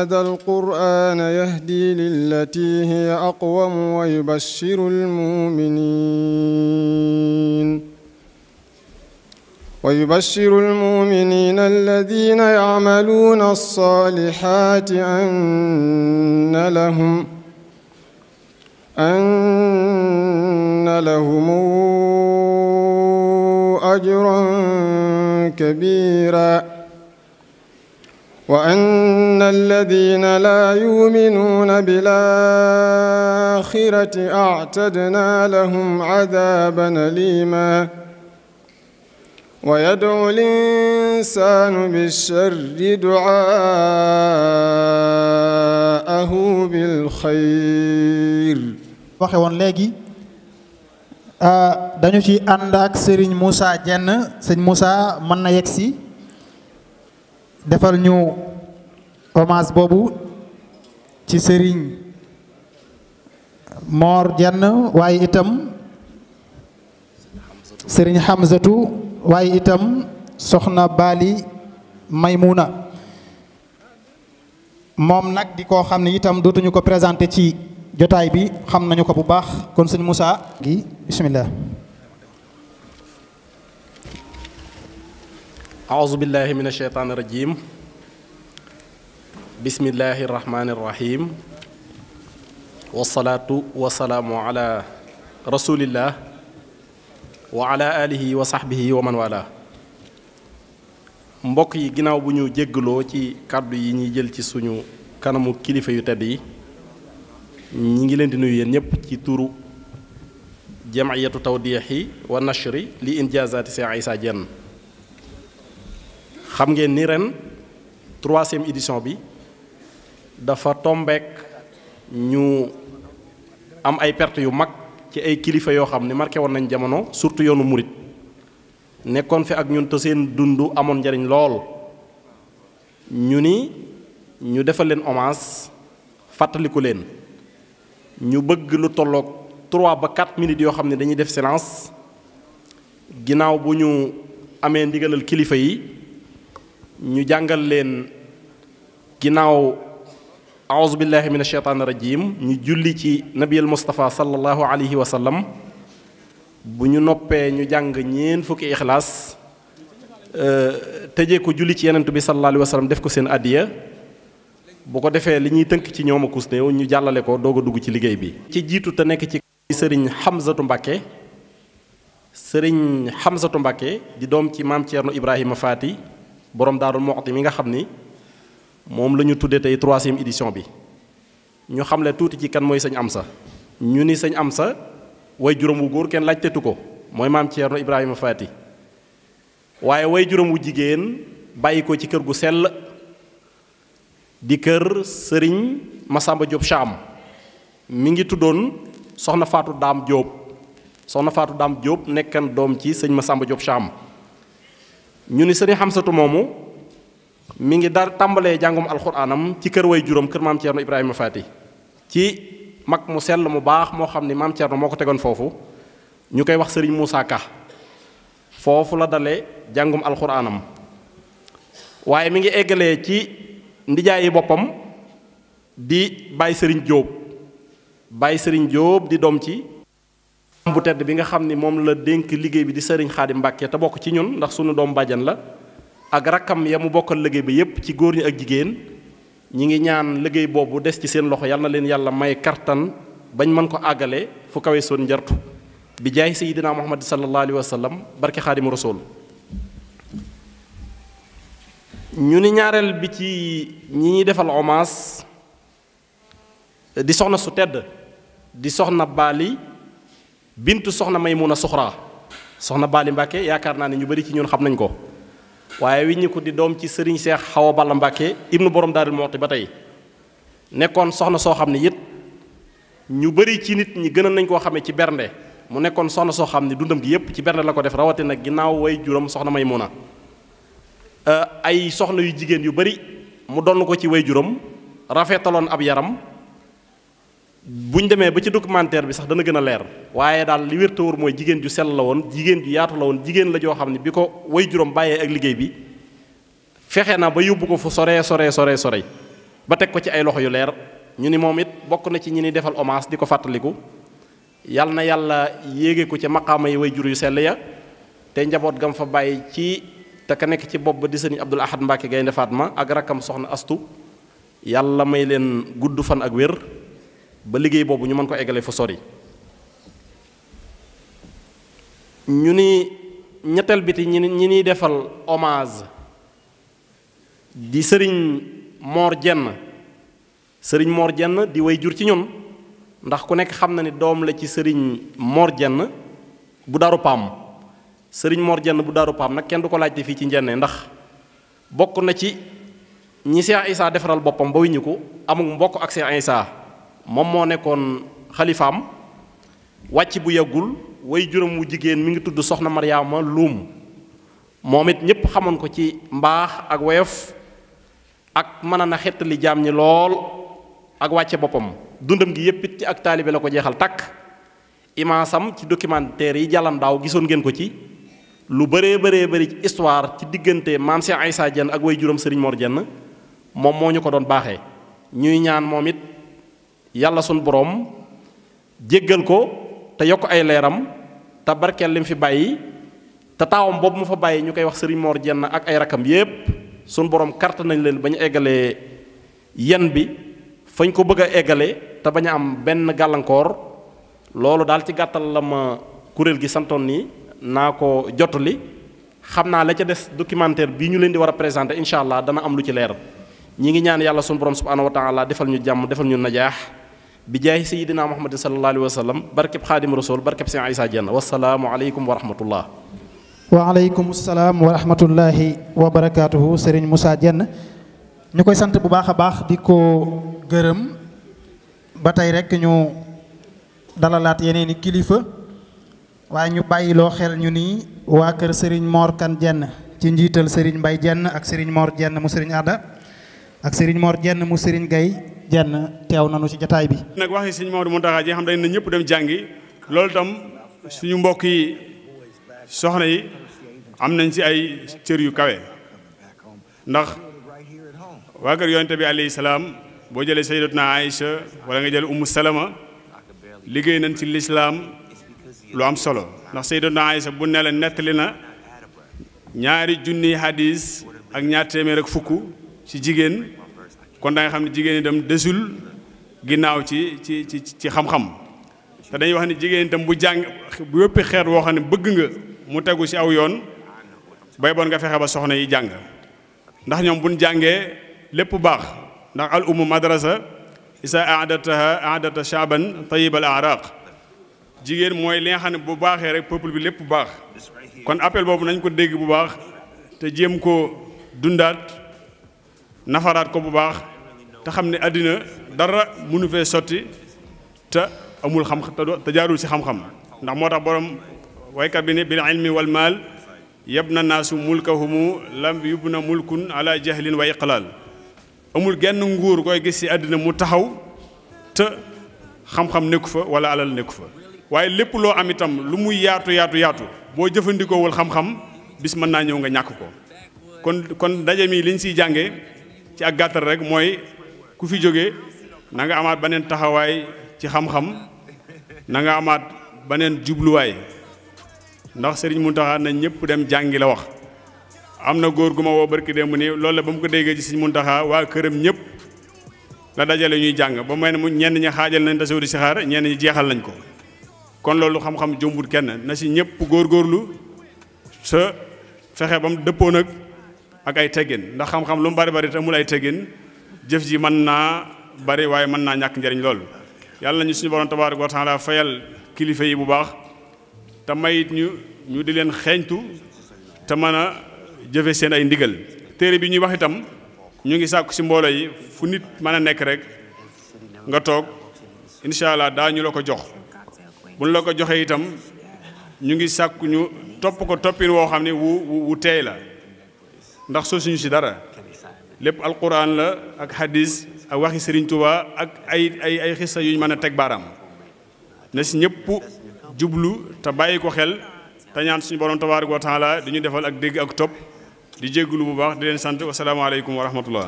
هذا القرآن يهدي للتي هي أقوم ويبشر المؤمنين ويبشر المؤمنين الذين يعملون الصالحات أن لهم أن لهم أجرا كبيرا وأن الذين لا يؤمنون بالآخرة أعتدنا لهم عذابا أليما ويدعو الإنسان بالشر دعاءه بالخير waxe woon léegi dañu ci ànd ak Serigne Moussa Dieng Serigne Moussa mën na yegg si defal ñu hommage boobu ci sëriñ Mor Jenn waaye itam sëriñ Hamzatu waaye itam soxna Baali Maymuna moom nag di koo xam ne itam dootuñu ko présenté ci jotaay bi xam nañu ko bu baax kon sëñ Moussa gi bismillah أعوذ بالله من الشيطان الرجيم بسم الله الرحمن الرحيم والصلاة والسلام على رسول الله وعلى آله وصحبه ومن والاه mbokk yi ginnaaw bu ñu jéggaloo ci kàddu yi ñuy jël ci suñu kanamu kilifa yu tedd yi ñi ngi leen di nuyu yéen ñëpp ci turu jamiyatu tawdiixi wa nashri li injaazaati Seex Isaa Jenn xam ngeen ni ren troisième édition bi dafa tombeek ñu am ay perte yu mag ci ay kilifa yoo xam ne marke woon nañ jamono surtout yoonu murit nekkoon fi ak ñun te seen dund amoon njariñ lool ñu ni ñu defal leen hommage fàttaliku leen ñu bëgg lu tollook 3 ba 4 minutes yoo xam ne dañuy def silence ginnaaw bu ñu amee ndigalal kilifa yi ñu jàngal leen ginnaaw aouzu billahi min asheytaan rajim ñu julli ci nabiyal mustafa sallallahu alayhi wa bu ñu noppee ñu jàng ñeen fukki ixlaas euh, tëjee ko julli ci yenentu bi sallallahu alayhi def ko seen addiya bu ko defee li ñuy tënk ci ñoom a néew ñu jàllale ko doog dugg ci liggéey bi ci jiitu te nekk ci sëriñ xamsatu mbàkke sëriñ xamsatu mbàkke di doom ci maam ceerno ibrahima faati borom daarul moxti mi nga xam ni moom la ñu tuddee tey troisième édition bi ñu xamle tuuti ci kan mooy sëñ sa ñu ni sëñ am sa way juróom wu góor kenn laajtetu ko mooy maam Thierno Ibrahima Faati waaye way juróom wu jigéen bàyyi ko ci kër gu sell di kër sëriñ Masamba Diop Cham mi ngi tuddoon soxna Faatu Daam Diop soxna Faatu Daam Diop nekkan doom ci sëñ ma Masamba Diop Cham ñu ni sëriñ xamsatu moomu mu ngi dar tàmbalee jàngum alxuraanam ci kër way juróom kër maam Thierno Ibrahima Fati ci mag mu sell mu baax moo xam ni maam Thierno moo ko tegoon foofu ñu koy wax sëriñ Moussa Ka foofu la dale jàngum alxuraanam waaye mi ngi eggalee ci ndijaayi boppam di bàyyi sëriñ Jóob bàyyi sëriñ Jóob di doom ci bu tedd bi nga xam ni moom la dénk liggéey bi di sëriñ Xaadim Mbàkke te bokk ci ñun ndax sunu doom bàjjan la ak rakkam ya bokkal liggéey bi yépp ci góor ñi ak jigéen ñi ngi ñaan liggéey boobu des ci seen loxo yal na leen yàlla may kartan bañ mën ko àggale fu kawe soon njartu bi jaay sayidina muhammad sallallahu alayhi wa sallam barke xaadimu rasul ñu ni ñaareel bi ci ñi ngi defal hommage di soxna su tedd di soxna baali bint soxna Maymuna Suxra soxna Baali Mbàkke yaakaar naa ne ñu bari ci ñun xam nañ ko waaye wiñ ñi ko di doom ci sëriñ seex xawa balla Mbàkke ibnu borom daaril moxti ba tey nekkoon soxna soo xam ne it ñu bari ci nit ñi gënoon nañ koo xamee ci bernde mu nekkoon soxna soo xam ne dundam gi yépp ci bernde la ko def rawatina ginnaaw way juram soxna Maymuna euh, ay soxna yu jigéen yu bari mu donn ko ci way juróom rafetaloon ab yaram buñ demee ba ci documentaire bi sax dana gën a leer waaye daal li wér te mooy jigéen ju sell la woon jigéen ju yaatu la woon jigéen la joo xam ne bi ko way juróom bàyyee ak liggéey bi fexe na ba yóbbu ko fu sore sore sore sore ba teg ko ci ay loxo yu leer ñu ni moom it bokk na ci ñi ni defal hommage di ko fàttaliku yal na yàlla yéege ko ci maqaama yi way jur yu sell ya te njaboot gam fa bàyyi ci te ka nekk ci bopp ba di sëriñ Abdul Ahad Mbàkke Gaynde Fatma ak rakkam soxna astu yàlla may leen gudd fan ak wér ba liggéey boobu ñu mën ko eggale fu sori ñu ni ñetteel biti ñi ñi ñuy defal hommage di sëriñ Mor Jenn sëriñ moor Jenn di way jur ci ñun ndax ku nekk xam na ni doom la ci sëriñ moor Jenn bu Daaru Paam sëriñ moor Jenn bu Daaru Paam nag kenn du ko laajte fii ci njenne ndax bokk na ci ñi Seex Isaa defaral boppam ba wiñu ko amul mbokk ak Seex Isaa moom moo nekkoon xalifaam wàcc bu yàggul way juróom wu jigéen mi ngi tudd soxna Maryaama Luum moom it ñépp xamoon ko ci mbaax ak woyof ak mën na xettali jaam ñi lool ak wàcce boppam dundam gi yépp it ci ak taalibe la ko jeexal takk imaasam ci documentaire yi jàllan gisoon ngeen ko ci lu bëree bare bëri ci histoire ci diggante maam Cheikh Aïssa Diène ak way juróom Serigne Mor Diène moom moo ñu ko doon baaxee ñuy ñaan moom it yàlla sunu boroom jéggal ko te yokk ay leeram te barkeel lim fi bàyyi te taawam boobu mu fa bàyyi ñu koy wax sëriñ moor Jenn ak ay rakam yépp sunu boroom kàrt nañ leen ba ñu eggalee yen bi fañ ko bëgg a eggale te bañ a am benn gàllankoor loolu daal ci gàttal la ma kuréel gi santoon nii naa ko jotali xam naa la ca des documentaire bi ñu leen di war a présenter incha allah dana am lu ci leer ñi ngi ñaan yàlla sunu borom subhanahu wa taala defal ñu jàmm defal ñu najaax bi jaay sayidina muhammadin sallallahu alayhi wa sallam barkeb xaadim rasul barkeb seen Isaa Jenn wasalaamu aleykum wa rahmatullah waaleykum salaam wa rahmatullahi wa barakaatuhu Serigne Moussa Dieng ñu koy sant bu baax a baax di ko gërëm ba tey rek ñu dalalaat yeneen kilifa waaye ñu bàyyiloo xel ñu ni waa kër Serigne Mor Kane ci njiital Serigne mbay Dieng ak sëriñ Mor jenn mu Serigne Ada ak Serigne Mor Dieng jenn teew nanu ci jataay bi nag wax ni sëñ Maodo Mountakha ji nga xam dañ na ñëpp dem jàngi loolu tam suñu mbokk yi soxna yi am nañ ci ay cër yu kawe ndax waa kër yonte bi alayhi salaam boo jëlee sayyidatuna Aïcha wala nga jël Ummu Salama liggéey nañ ci lislaam lu am solo ndax sayyidatuna Aïcha bu ne la nettali na ñaari junniy hadis ak ñaar téeméer ak fukk ci jigéen kon da xam ne jigéen itam desul ginnaaw ci ci ci ci xam-xam te dañuy wax ne jigéen itam bu jàng bu yëpp xeet woo xam ne bëgg nga mu tegu ci aw yoon bay boon nga fexe ba soxna yi jàng ndax ñoom buñ jàngee lépp baax ndax al umu madrasa isa aadataha aadata shaban tayibal araq jigéen mooy li nga xam bu baaxee rek peuple bi lépp baax kon appel boobu nañ ko dégg bu baax te jéem ko dundaat nafaraat ko bu baax te xam ne àddina dara munu fee sotti te amul xam te jaarul si xam-xam ndax moo tax borom waykat bi ne bil ilmi wal maal yeb na naasu mulkahumu lam yub na mulkun jeex jahlin wa laal amul genn nguur koy gis ci àddina mu taxaw te xam-xam nekku fa wala alal nekku fa waaye lépp loo am itam lu muy yaatu yaatu yaatu boo jëfandikoowul xam-xam bis mën naa ñëw nga ñàkk ko kon kon ndaje mi liñ siy jànge ci ak gàttal rek mooy ku fi jóge nanga nga amaat beneen taxawaay ci xam-xam na nga amaat beneen jubluwaay ndax Serigne Mountakha na ñëpp dem jàngi la wax. am na góor gu ma woo barki démb nii loolu la ba mu ko déggee ci Serigne Mountakha waa këram ñëpp la dajale ñuy jàng ba may ne mu ñenn ñi xaajal nañ tasawur si xaar ñenn ñi jeexal nañ ko. kon loolu xam-xam jombul kenn na si ñëpp góorlu sa fexe ba mu dëppoo nag ak ay teggin ndax xam-xam lu mu bari bari te amul ay teggin jëf ji mën naa bari waaye mën naa ñàkk njariñ lool yàlla nañu suñu borom tabaaraka wa taala fayal kilifa yi bu baax te mayit ñu ñu di leen xeeñtu te mën a jëfe seen ay ndigal téere bi ñuy wax itam ñu ngi sàkku ci mbooloo yi fu nit mën a nekk rek nga toog incha allah daa ñu la ko jox buñ la ko joxee itam ñu ngi sàkku ñu topp ko toppin woo xam ne wu wu teey la ndax sosuñu si dara lépp alquran la ak hadis ak waxi sëriñ tubaa ak ay ay ay xista yuñ mën a teg baaraam na si ñëpp jublu te bàyyi ko xel tañaan suñu borom tabaaraka wa taala di ñu defal ak dégg ak topp di jéggulu bu baax di leen sant wasalaamaaleykum wa rahmatullah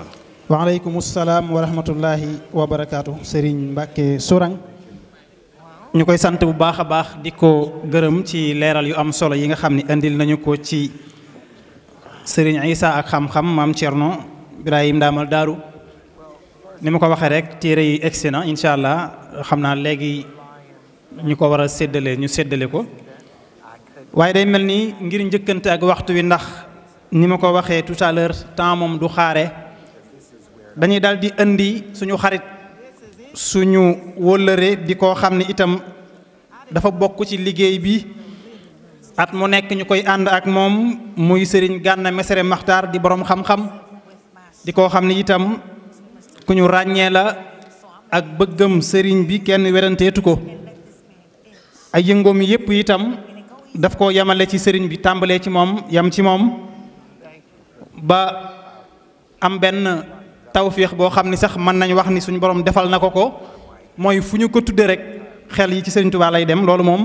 waaleykum salaam wa rahmatullahi wa barakaatu Serigne Mbacke Sourang ñu koy sant bu baax a baax di ko gërëm ci leeral yu am solo yi nga xam ne indil nañu ko ci sëriñ Isa ak xam-xam maam Thierno Ibrahim daamal daaru ni ma ko waxee rek téere yi egsi na incha allah xam naa léegi ñu ko war a séddale ñu seddale ko waaye day mel ni ngir njëkkante ak waxtu wi ndax ni ma ko waxee tout temps moom du xaare dañuy daal di indi suñu xarit suñu wóllëre di ko xam ne itam dafa bokk ci liggéey bi at mu nekk ñu koy ànd ak moom muy sëriñ Gana Messere maxtar di borom xam-xam di koo xam ni itam ku ñu ràññee la ak bëggam sëriñ bi kenn weranteetu ko ay yëngoom yépp itam daf ko yamale ci sëriñ bi tàmbalee ci moom yam ci moom ba am benn tawféex boo xam ni sax mën nañu wax ni suñu borom defal na ko ko mooy fu ñu ko tuddee rek xel yi ci sëriñ Tuubaa dem loolu moom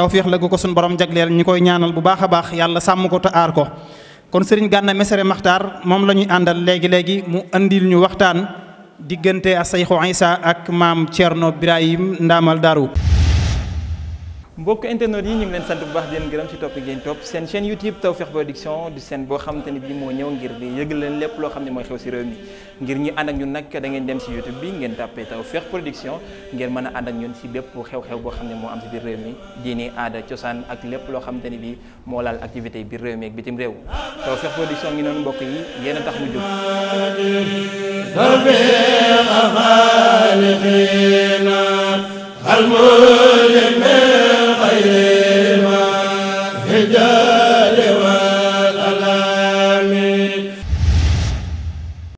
tawféex la gu ko suñ borom jagleel ñi koy ñaanal bu baax a baax yàlla sàmm ko te aar ko kon sëriñ Gana Messere Maxtaar moom la ñuy àndal léegi léegi mu andil ñu waxtaan diggante a Sayxu Isa ak maam Thierno Birahim Ndaamal Daaru mbokk internet yi ñu ngi leen sant bu baax di leen gërëm ci topp gi ngeen topp seen chaîne YouTube Tawfekh Production du seen boo xamante ni bii moo ñëw ngir di leen lépp loo xam ne mooy xew ci réew mi ngir ñu ànd ak ñun nag da ngeen dem ci YouTube bi ngeen tàppee Tawfekh Production ngeen mën a ànd ak ñun ci bépp xew-xew boo xam ne moo am ci biir réew mi diine aada cosaan ak lépp loo xamante ni bii moo laal activité yi biir réew mi ak bitim réew Tawfekh Production ngi noonu mbokk yi yéen a tax mu jóg. jaa